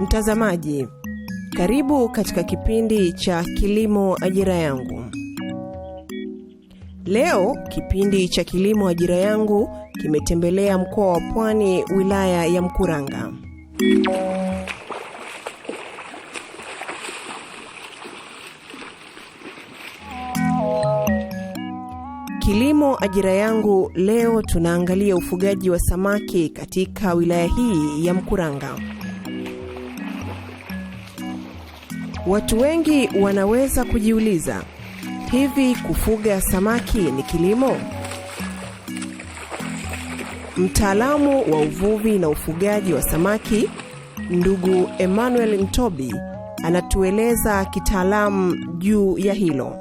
Mtazamaji, karibu katika kipindi cha Kilimo Ajira Yangu. Leo kipindi cha Kilimo Ajira Yangu kimetembelea mkoa wa Pwani, wilaya ya Mkuranga. Kilimo Ajira Yangu, leo tunaangalia ufugaji wa samaki katika wilaya hii ya Mkuranga. Watu wengi wanaweza kujiuliza, hivi kufuga samaki ni kilimo? Mtaalamu wa uvuvi na ufugaji wa samaki, ndugu Emmanuel Mtobi anatueleza kitaalamu juu ya hilo.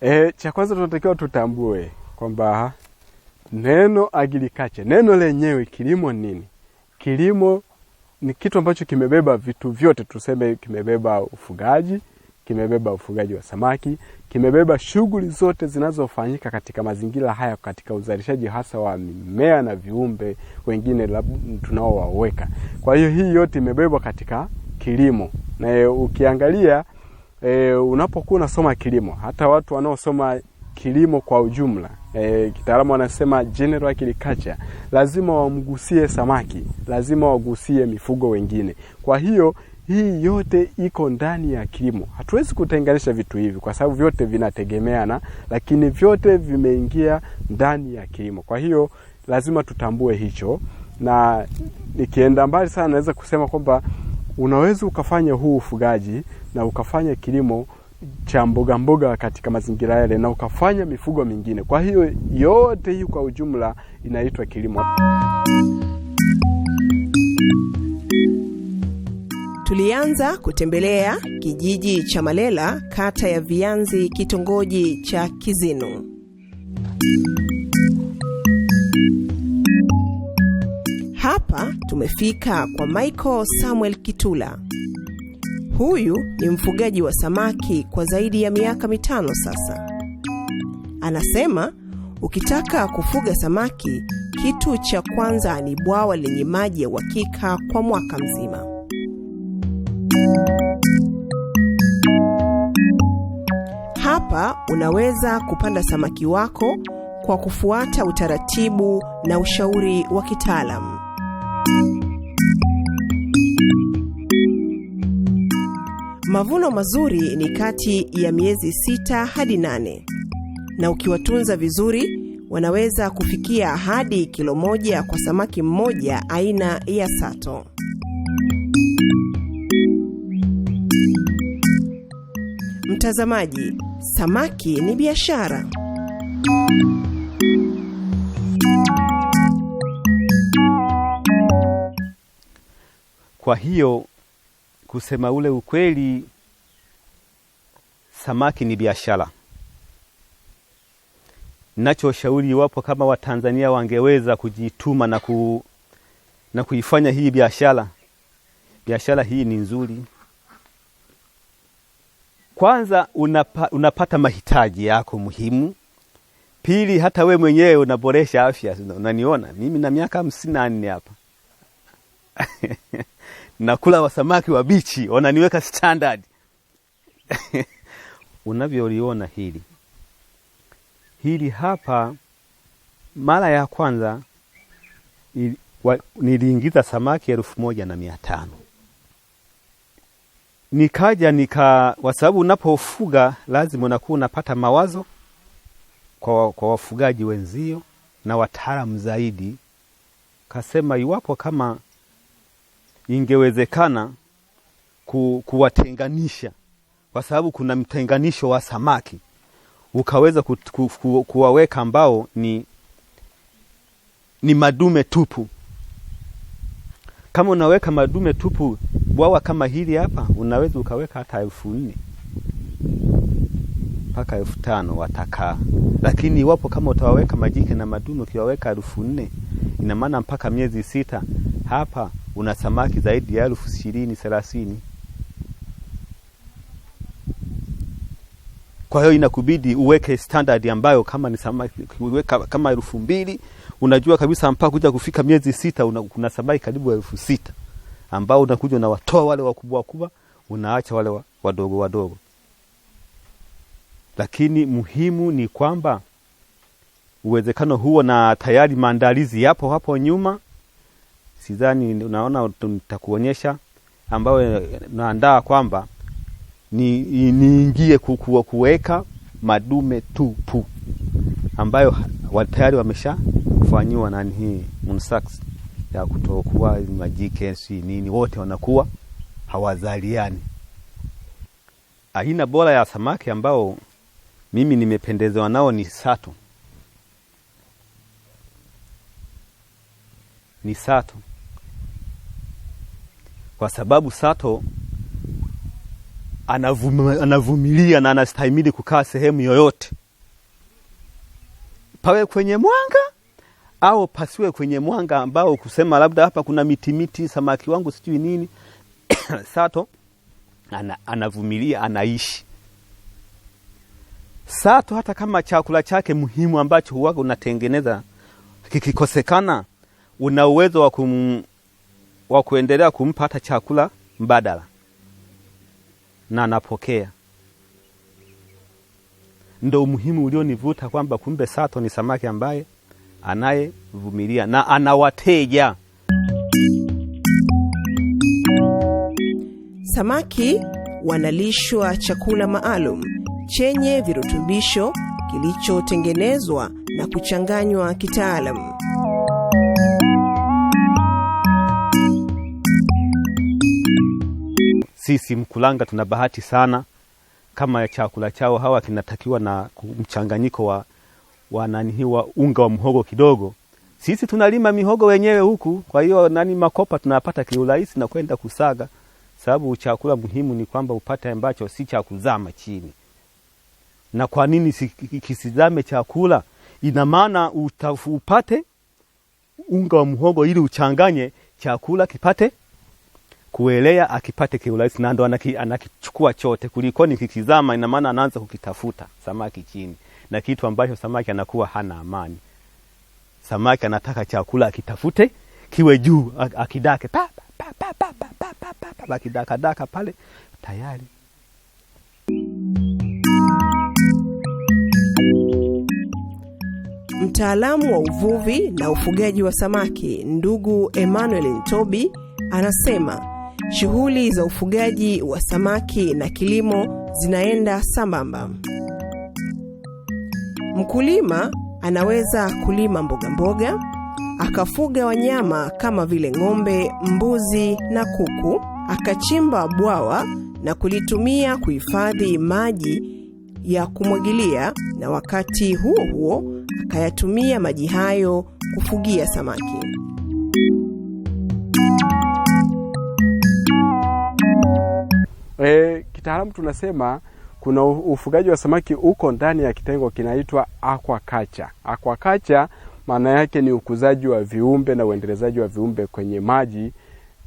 E, cha kwanza tunatakiwa tutambue kwamba neno agilikache neno lenyewe kilimo nini? Kilimo ni kitu ambacho kimebeba vitu vyote, tuseme kimebeba ufugaji kimebeba ufugaji wa samaki, kimebeba shughuli zote zinazofanyika katika mazingira haya, katika uzalishaji hasa wa mimea na viumbe wengine tunaowaweka. Kwa hiyo hii yote imebebwa katika kilimo, na eh, ukiangalia e, unapokuwa unasoma kilimo, hata watu wanaosoma kilimo kwa ujumla e, kitaalamu wanasema general agriculture, lazima wamgusie samaki, lazima wagusie mifugo wengine. Kwa hiyo hii yote iko ndani ya kilimo. Hatuwezi kutenganisha vitu hivi kwa sababu vyote vinategemeana, lakini vyote vimeingia ndani ya kilimo. Kwa hiyo lazima tutambue hicho, na nikienda mbali sana naweza kusema kwamba unaweza ukafanya huu ufugaji na ukafanya kilimo cha mboga mboga katika mazingira yale na ukafanya mifugo mingine. Kwa hiyo yote hii kwa ujumla inaitwa kilimo. Tulianza kutembelea kijiji cha Malela, kata ya Vianzi, kitongoji cha Kizinu. Hapa tumefika kwa Michael Samuel Kitula. Huyu ni mfugaji wa samaki kwa zaidi ya miaka mitano sasa. Anasema ukitaka kufuga samaki, kitu cha kwanza ni bwawa lenye maji ya uhakika kwa mwaka mzima. Hapa unaweza kupanda samaki wako kwa kufuata utaratibu na ushauri wa kitaalamu. Mavuno mazuri ni kati ya miezi sita hadi nane, na ukiwatunza vizuri wanaweza kufikia hadi kilo moja kwa samaki mmoja aina ya sato. Mtazamaji, samaki ni biashara. Kwa hiyo kusema ule ukweli, samaki ni biashara. Nachoshauri, iwapo kama Watanzania wangeweza kujituma na, ku, na kuifanya hii biashara, biashara hii ni nzuri. Kwanza unapa, unapata mahitaji yako muhimu. Pili, hata we mwenyewe unaboresha afya. Unaniona mimi na miaka hamsini na nne hapa nakula wa wabichi, wananiweka standard unavyoliona hili hili hapa, mara ya kwanza niliingiza samaki elfu moja na mia tano nikaja nika kwa sababu unapofuga lazima unakuwa unapata mawazo kwa, kwa wafugaji wenzio na wataalamu zaidi. Kasema iwapo kama ingewezekana ku, kuwatenganisha kwa sababu kuna mtenganisho wa samaki ukaweza ku, ku, ku, kuwaweka ambao ni, ni madume tupu kama unaweka madume tupu bwawa kama hili hapa, unaweza ukaweka hata elfu nne mpaka elfu tano watakaa. Lakini iwapo kama utawaweka majike na madume, ukiwaweka elfu nne ina maana mpaka miezi sita hapa una samaki zaidi ya elfu ishirini thelathini. Kwa hiyo inakubidi uweke standard ambayo kama ni samaki uweka kama elfu mbili unajua kabisa mpaka kuja kufika miezi sita una, kuna samaki karibu elfu sita ambao unakuja unawatoa wale wakubwa wakubwa, unaacha wale wadogo wadogo. Lakini muhimu ni kwamba uwezekano huo na tayari maandalizi yapo hapo nyuma. Sidhani, unaona, nitakuonyesha ambayo eh, naandaa kwamba ni, niingie kuwa kuweka madume tupu ambayo tayari wameshafanyiwa nani hii munsax ya kutokuwa majike si nini, wote wanakuwa hawazaliani. Aina bora ya samaki ambao mimi nimependezewa nao ni sato, ni sato, kwa sababu sato anavumilia, anavumilia na anastahimili kukaa sehemu yoyote, pawe kwenye mwanga au pasiwe kwenye mwanga ambao kusema labda hapa kuna mitimiti miti, samaki wangu sijui nini Sato ana, anavumilia anaishi. Sato hata kama chakula chake muhimu ambacho huwaga unatengeneza kikikosekana, una uwezo wa wa kuendelea kumpa hata chakula mbadala na napokea. Ndo umuhimu ulionivuta kwamba kumbe Sato ni samaki ambaye anayevumilia na anawateja. Samaki wanalishwa chakula maalum chenye virutubisho kilichotengenezwa na kuchanganywa kitaalamu. sisi Mkulanga tuna bahati sana, kama chakula chao hawa kinatakiwa na mchanganyiko wa, wa, nani wa unga wa mhogo kidogo. Sisi tunalima mihogo wenyewe huku, kwa hiyo nani makopa tunapata kiurahisi na kwenda kusaga, sababu chakula muhimu ni kwamba upate ambacho si cha kuzama chini. Na kwa nini kisizame chakula? Ina maana upate unga wa mhogo ili uchanganye chakula kipate kuelea akipate kiurahisi, na ndo anakichukua chote kulikoni kikizama, ina maana anaanza kukitafuta samaki chini, na kitu ambacho samaki anakuwa hana amani. Samaki anataka chakula akitafute kiwe juu, akidake pa pa pa pa pa pa pa, akidaka daka pale tayari Mtaalamu wa uvuvi na ufugaji wa samaki ndugu Emmanuel Ntobi anasema shughuli za ufugaji wa samaki na kilimo zinaenda sambamba. Mkulima anaweza kulima mbogamboga mboga, akafuga wanyama kama vile ng'ombe, mbuzi na kuku, akachimba bwawa na kulitumia kuhifadhi maji ya kumwagilia, na wakati huo huo akayatumia maji hayo kufugia samaki. E, kitaalamu tunasema kuna ufugaji wa samaki uko ndani ya kitengo kinaitwa aquaculture. Aquaculture maana yake ni ukuzaji wa viumbe na uendelezaji wa viumbe kwenye maji.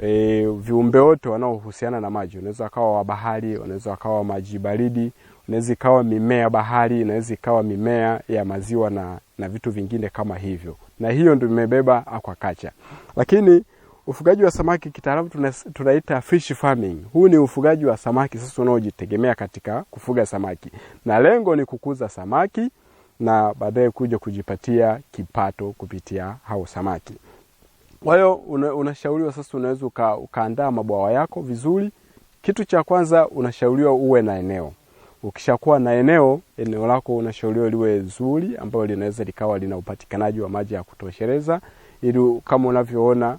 E, viumbe wote wanaohusiana na maji, unaweza kawa wa bahari, unaweza kawa maji baridi, unaweza ikawa mimea bahari, unaweza ikawa mimea ya maziwa na, na vitu vingine kama hivyo, na hiyo ndio imebeba aquaculture lakini Ufugaji wa samaki kitaalamu tunaita fish farming. Huu ni ufugaji wa samaki sasa unaojitegemea katika kufuga samaki, na lengo ni kukuza samaki na baadaye kuja kujipatia kipato kupitia hao samaki. Kwa hiyo unashauriwa sasa, unaweza uka, ukaandaa mabwawa yako vizuri. Kitu cha kwanza unashauriwa uwe na eneo. Ukishakuwa na eneo, eneo lako unashauriwa liwe zuri, ambayo linaweza likawa lina upatikanaji wa maji ya kutosheleza ili kama unavyoona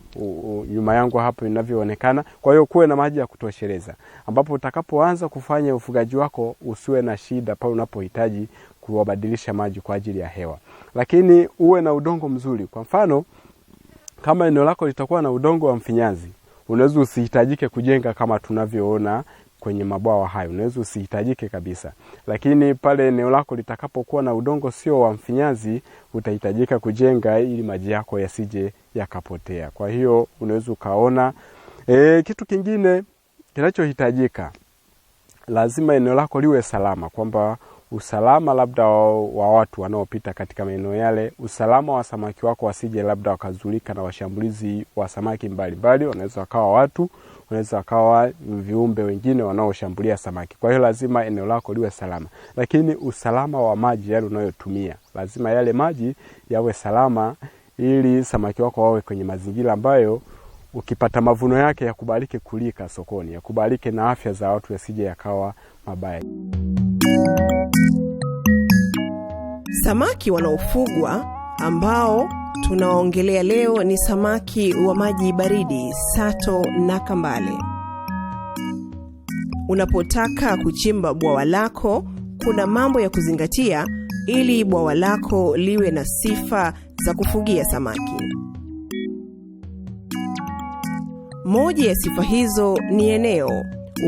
nyuma yangu hapo inavyoonekana. Kwa hiyo kuwe na maji ya kutosheleza, ambapo utakapoanza kufanya ufugaji wako usiwe na shida pale unapohitaji kuwabadilisha maji kwa ajili ya hewa, lakini uwe na udongo mzuri. Kwa mfano kama eneo lako litakuwa na udongo wa mfinyanzi, unaweza usihitajike kujenga kama tunavyoona kwenye mabwawa hayo, unaweza usihitajike kabisa. Lakini pale eneo lako litakapokuwa na udongo sio wa mfinyazi, utahitajika kujenga ili maji yako yasije yakapotea. Kwa hiyo unaweza ukaona e, kitu kingine kinachohitajika lazima eneo lako liwe salama, kwamba usalama labda wa watu wanaopita katika maeneo yale, usalama wa samaki wako wasije labda wakazulika na washambulizi wa samaki mbalimbali, wanaweza wakawa watu wanaweza wakawa viumbe wengine wanaoshambulia samaki. Kwa hiyo lazima eneo lako liwe salama, lakini usalama wa maji yale unayotumia, lazima yale maji yawe salama, ili samaki wako wawe kwenye mazingira ambayo ukipata mavuno yake yakubalike kulika sokoni, yakubalike na afya za watu yasije yakawa mabaya. Samaki wanaofugwa ambao Tunaongelea leo ni samaki wa maji baridi, sato na kambale. Unapotaka kuchimba bwawa lako, kuna mambo ya kuzingatia ili bwawa lako liwe na sifa za kufugia samaki. Moja ya sifa hizo ni eneo,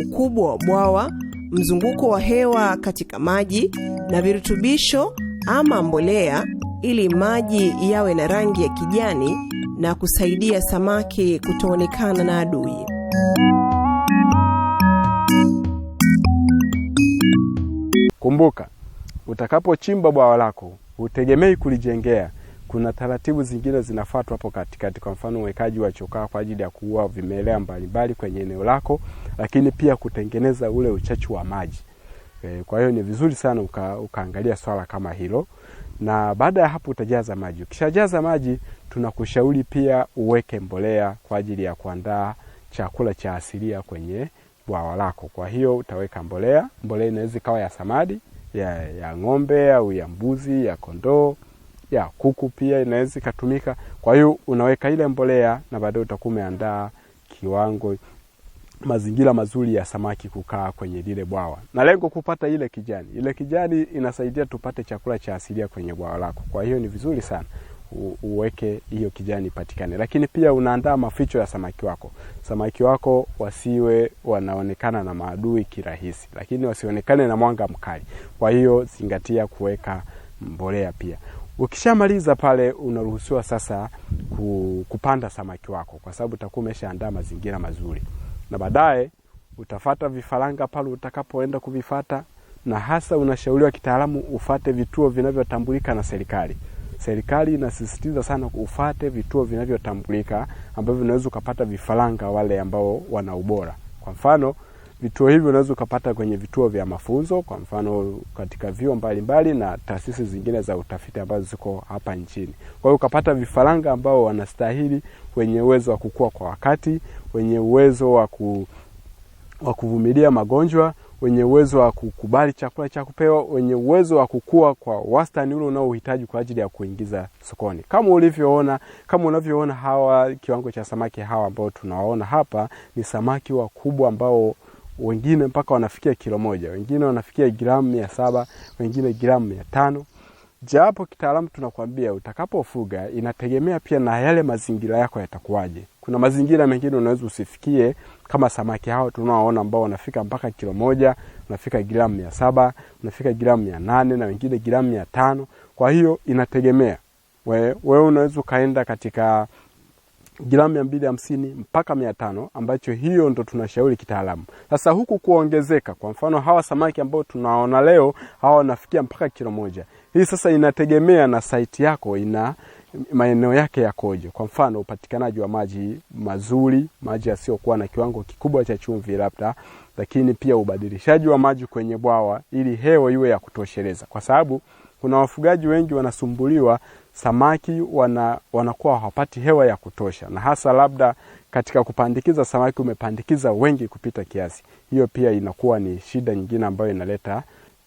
ukubwa wa bwawa, mzunguko wa hewa katika maji na virutubisho ama mbolea ili maji yawe na rangi ya kijani na kusaidia samaki kutoonekana na adui. Kumbuka, utakapochimba bwawa lako hutegemei kulijengea. Kuna taratibu zingine zinafuatwa hapo katikati. Kwa mfano, uwekaji wa chokaa kwa ajili ya kuua vimelea mbalimbali kwenye eneo lako, lakini pia kutengeneza ule uchachu wa maji. Eh, kwa hiyo ni vizuri sana uka, ukaangalia swala kama hilo na baada ya hapo utajaza maji. Ukishajaza maji, tunakushauri pia uweke mbolea kwa ajili ya kuandaa chakula cha asilia kwenye bwawa lako. Kwa hiyo utaweka mbolea. Mbolea inaweza ikawa ya samadi ya, ya ng'ombe au ya mbuzi, ya kondoo, ya kuku pia inaweza ikatumika. Kwa hiyo unaweka ile mbolea na baadaye utakuwa umeandaa kiwango mazingira mazuri ya samaki kukaa kwenye lile bwawa, na lengo kupata ile kijani. Ile kijani inasaidia tupate chakula cha asilia kwenye bwawa lako. Kwa hiyo ni vizuri sana uweke hiyo kijani patikane, lakini pia unaandaa maficho ya samaki wako. Samaki wako wasiwe wanaonekana na maadui kirahisi, lakini wasionekane na mwanga mkali. Kwa hiyo zingatia kuweka mbolea pia. Ukishamaliza pale, unaruhusiwa sasa kupanda samaki wako, kwa sababu utakuwa umeshaandaa mazingira mazuri na baadaye utafata vifaranga pale utakapoenda kuvifata, na hasa unashauriwa kitaalamu ufate vituo vinavyotambulika na serikali. Serikali inasisitiza sana ufate vituo vinavyotambulika ambavyo unaweza ukapata vifaranga wale ambao wana ubora. Kwa mfano vituo hivyo unaweza ukapata kwenye vituo vya mafunzo, kwa mfano katika vyuo mbalimbali na taasisi zingine za utafiti ambazo ziko hapa nchini. Kwa hiyo ukapata vifaranga ambao wanastahili wenye uwezo wa kukua kwa wakati, wenye uwezo wa ku wa kuvumilia magonjwa wenye uwezo wa kukubali chakula cha kupewa, wenye uwezo wa kukua kwa wastani ule unaohitaji kwa ajili ya kuingiza sokoni. Kama ulivyoona, kama unavyoona hawa, kiwango cha samaki hawa ambao tunawaona hapa ni samaki wakubwa ambao wengine mpaka wanafikia kilo moja, wengine wanafikia gramu mia saba, wengine gramu mia tano. Japo kitaalamu tunakwambia utakapofuga inategemea pia na yale mazingira yako yatakuwaje. Kuna mazingira mengine unaweza usifikie, kama samaki hao tunaoona ambao wanafika mpaka kilo moja, unafika gramu mia saba, unafika gramu mia nane na wengine gramu mia tano. Kwa hiyo inategemea wewe we unaweza ukaenda katika gramu mia mbili hamsini mpaka mia tano ambacho hiyo ndo tunashauri kitaalamu. Sasa huku kuongezeka, kwa mfano hawa samaki ambao tunaona leo hawa wanafikia mpaka kilo moja, hii sasa inategemea na saiti yako ina maeneo yake yakoje. Kwa mfano, upatikanaji wa maji mazuri, maji yasiyokuwa na kiwango kikubwa cha chumvi labda, lakini pia ubadilishaji wa maji kwenye bwawa ili hewa iwe ya kutosheleza, kwa sababu kuna wafugaji wengi wanasumbuliwa, samaki wana, wanakuwa hawapati hewa ya kutosha, na hasa labda katika kupandikiza samaki umepandikiza wengi kupita kiasi. Hiyo pia inakuwa ni shida nyingine ambayo inaleta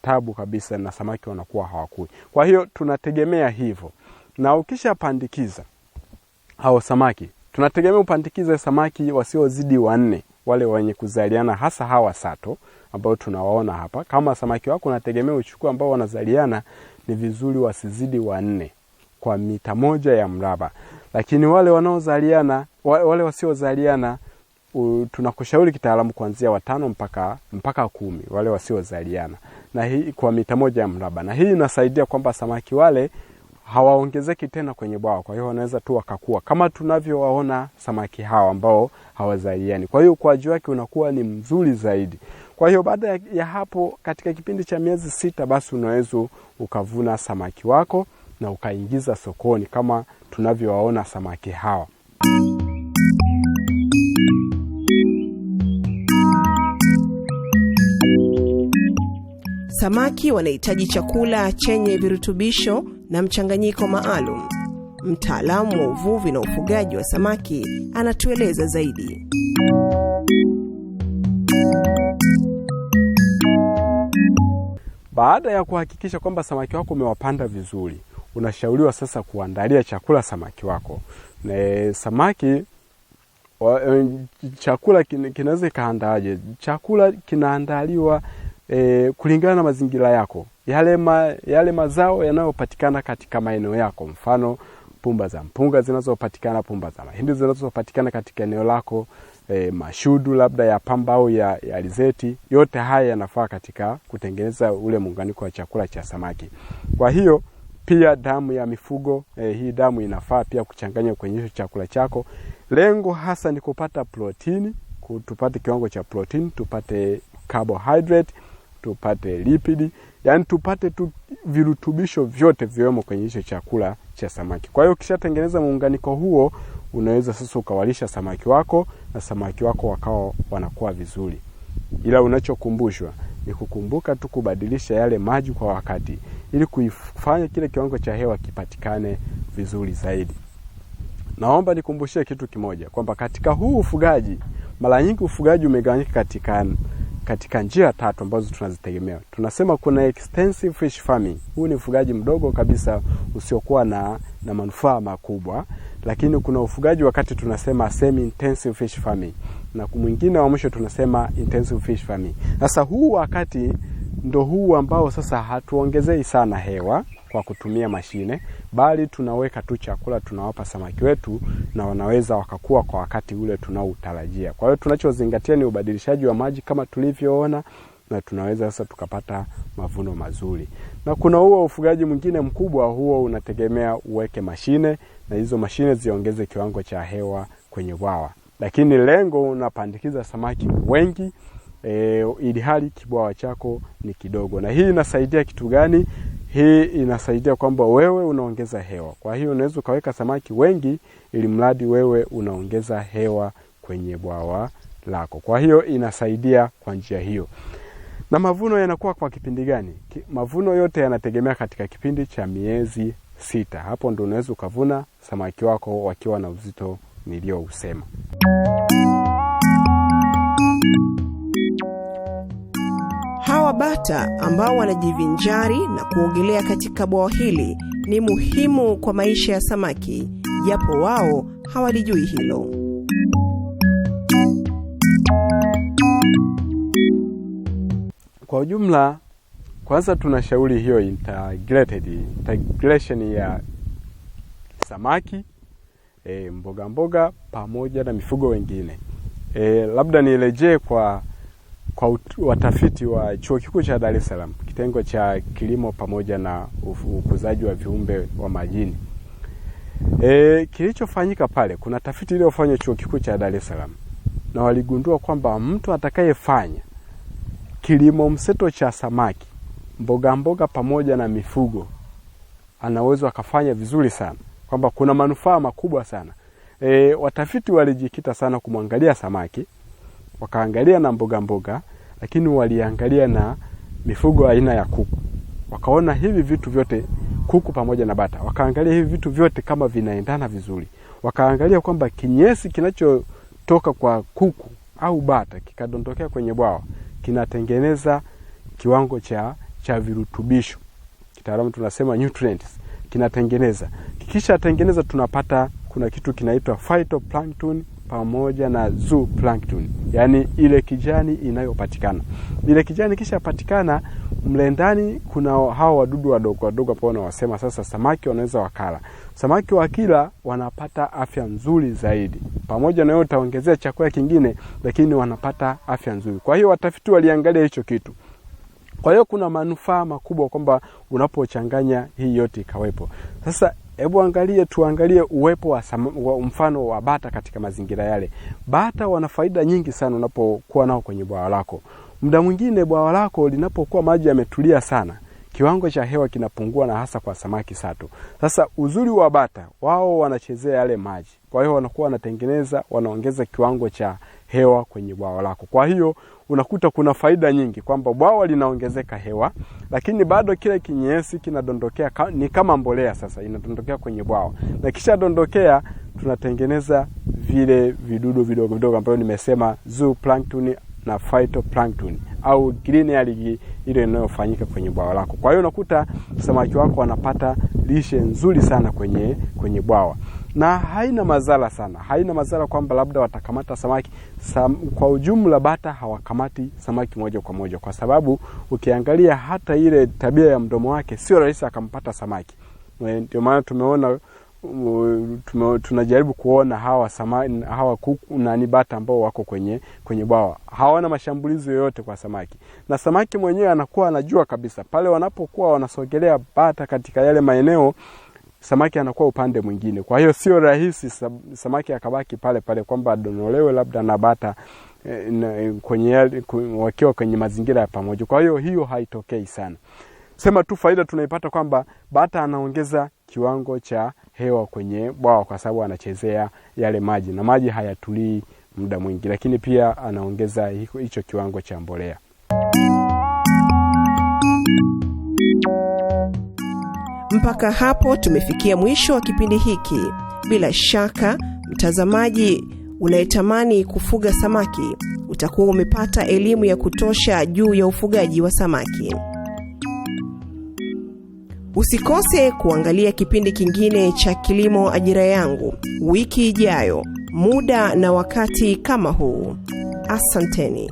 tabu kabisa, na samaki wanakuwa hawakui. Kwa hiyo tunategemea hivyo, na ukishapandikiza hao samaki, tunategemea upandikize samaki wasiozidi wanne, wale wenye kuzaliana, hasa hawa sato ambao tunawaona hapa. Kama samaki wako unategemea uchukue ambao wanazaliana, ni vizuri wasizidi wanne kwa mita moja ya mraba, lakini wale wanaozaliana, wale wasiozaliana tunakushauri kitaalamu kuanzia watano mpaka mpaka kumi wale wasiozaliana na hii kwa mita moja ya mraba, na hii inasaidia kwamba samaki wale hawaongezeki tena kwenye bwawa, kwa hiyo wanaweza tu wakakua kama tunavyowaona samaki hawa ambao hawazaliani. Kwa hiyo ukuaji wake unakuwa ni mzuri zaidi. Kwa hiyo baada ya hapo, katika kipindi cha miezi sita, basi unaweza ukavuna samaki wako na ukaingiza sokoni kama tunavyowaona samaki hawa. Samaki wanahitaji chakula chenye virutubisho na mchanganyiko maalum. Mtaalamu wa uvuvi na ufugaji wa samaki anatueleza zaidi. Baada ya kuhakikisha kwamba samaki wako umewapanda vizuri, unashauriwa sasa kuandalia chakula samaki wako. Ne, samaki wa, e, chakula kinaweza kikaandaaje? Chakula kinaandaliwa e, kulingana na mazingira yako yale, ma, yale mazao yanayopatikana katika maeneo yako, mfano pumba za mpunga zinazopatikana, pumba za mahindi zinazopatikana katika eneo lako, e, mashudu labda ya pamba au ya, ya alizeti. Yote haya yanafaa katika kutengeneza ule muunganiko wa chakula cha samaki. Kwa hiyo pia damu ya mifugo e, hii damu inafaa pia kuchanganya kwenye hicho chakula chako. Lengo hasa ni kupata protini, tupate kiwango cha protini, tupate carbohydrate tupate lipidi, yani tupate tu virutubisho vyote viwemo kwenye hicho chakula cha samaki. Kwa hiyo ukishatengeneza muunganiko huo, unaweza sasa ukawalisha samaki wako na samaki wako wakawa wanakuwa vizuri, ila unachokumbushwa ni kukumbuka tu kubadilisha yale maji kwa wakati, ili kuifanya kile kiwango cha hewa kipatikane vizuri zaidi. Naomba nikumbushie kitu kimoja kwamba katika huu ufugaji, mara nyingi ufugaji umegawanyika katika katika njia tatu ambazo tunazitegemea. Tunasema kuna extensive fish farming. Huu ni ufugaji mdogo kabisa usiokuwa na, na manufaa makubwa, lakini kuna ufugaji wakati tunasema semi intensive fish farming, na mwingine wa mwisho tunasema intensive fish farming. Sasa huu wakati ndo huu ambao sasa hatuongezei sana hewa kwa kutumia mashine, bali tunaweka tu chakula tunawapa samaki wetu, na wanaweza wakakua kwa wakati ule tunaoutarajia. Kwa hiyo tunachozingatia ni ubadilishaji wa maji kama tulivyoona, na tunaweza sasa tukapata mavuno mazuri. Na kuna huo ufugaji mwingine mkubwa, huo unategemea uweke mashine na hizo mashine ziongeze kiwango cha hewa kwenye bwawa, lakini lengo unapandikiza samaki wengi e, ili hali kibwawa chako ni kidogo. Na hii inasaidia kitu gani? Hii inasaidia kwamba wewe unaongeza hewa, kwa hiyo unaweza ukaweka samaki wengi ili mradi wewe unaongeza hewa kwenye bwawa lako. Kwa hiyo inasaidia kwa njia hiyo. Na mavuno yanakuwa kwa kipindi gani? Mavuno yote yanategemea katika kipindi cha miezi sita. Hapo ndio unaweza ukavuna samaki wako wakiwa na uzito usema Hawa bata ambao wanajivinjari na kuogelea katika bwawa hili ni muhimu kwa maisha ya samaki, japo wao hawalijui hilo. Kwa ujumla, kwanza tunashauri hiyo integrated integration ya samaki e, mboga mboga pamoja na mifugo wengine e, labda nielejee kwa kwa watafiti wa Chuo Kikuu cha Dar es Salaam, kitengo cha kilimo pamoja na ukuzaji wa viumbe wa majini. E, kilichofanyika pale, kuna tafiti iliyofanywa Chuo Kikuu cha Dar es Salaam na waligundua kwamba mtu atakayefanya kilimo mseto cha samaki, mboga mboga pamoja na mifugo anaweza akafanya vizuri sana, kwamba kuna manufaa makubwa sana. E, watafiti walijikita sana kumwangalia samaki wakaangalia na mboga mboga, lakini waliangalia na mifugo aina ya kuku, wakaona hivi vitu vyote kuku pamoja na bata, wakaangalia hivi vitu vyote kama vinaendana vizuri, wakaangalia kwamba kinyesi kinachotoka kwa kuku au bata kikadondokea kwenye bwawa kinatengeneza kiwango cha cha virutubisho, kitaalamu tunasema nutrients, kinatengeneza. Kikishatengeneza tunapata kuna kitu kinaitwa phytoplankton pamoja na zooplankton, yaani ile kijani inayopatikana ile kijani kisha patikana mle ndani. Kuna hao wadudu wadogo wadogo ambao wanawasema sasa samaki wanaweza wakala. Samaki wakila wanapata afya nzuri zaidi, pamoja na hiyo utaongezea chakula kingine, lakini wanapata afya nzuri. Kwa hiyo watafiti waliangalia hicho kitu. Kwa hiyo kuna manufaa makubwa kwamba unapochanganya hii yote ikawepo. Sasa Hebu angalie, tuangalie uwepo wa, wa mfano wa bata katika mazingira yale. Bata wana faida nyingi sana unapokuwa nao kwenye bwawa lako. Muda mwingine bwawa lako linapokuwa maji yametulia sana, kiwango cha hewa kinapungua, na hasa kwa samaki sato. Sasa uzuri wa bata, wao wanachezea yale maji, kwa hiyo wanakuwa wanatengeneza, wanaongeza kiwango cha hewa kwenye bwawa lako. Kwa hiyo unakuta kuna faida nyingi kwamba bwawa linaongezeka hewa, lakini bado kile kinyesi kinadondokea ni kama mbolea. Sasa inadondokea kwenye bwawa na kisha dondokea, tunatengeneza vile vidudu vidogo vidogo ambavyo nimesema zooplankton na phytoplankton au green algae ile inayofanyika kwenye bwawa lako. Kwa hiyo unakuta samaki wako wanapata lishe nzuri sana kwenye kwenye bwawa na haina madhara sana, haina madhara kwamba labda watakamata samaki sam. Kwa ujumla bata hawakamati samaki moja kwa moja, kwa sababu ukiangalia hata ile tabia ya mdomo wake sio rahisi akampata samaki. Ndio maana tumeona tume, tunajaribu kuona hawa samaki, hawa kuku nani bata ambao wako kwenye kwenye bwawa hawana mashambulizi yoyote kwa samaki, na samaki mwenyewe anakuwa anajua kabisa pale wanapokuwa wanasogelea bata katika yale maeneo samaki anakuwa upande mwingine. Kwa hiyo sio rahisi samaki akabaki pale pale kwamba adonolewe labda na bata eh, eh, kwenye, wakiwa kwenye mazingira ya pamoja. Kwa hiyo hiyo haitokei sana, sema tu faida tunaipata kwamba bata anaongeza kiwango cha hewa kwenye bwawa kwa sababu anachezea yale maji na maji hayatulii muda mwingi, lakini pia anaongeza hicho kiwango cha mbolea. Mpaka hapo tumefikia mwisho wa kipindi hiki. Bila shaka, mtazamaji unayetamani kufuga samaki utakuwa umepata elimu ya kutosha juu ya ufugaji wa samaki. Usikose kuangalia kipindi kingine cha Kilimo Ajira Yangu wiki ijayo, muda na wakati kama huu. Asanteni.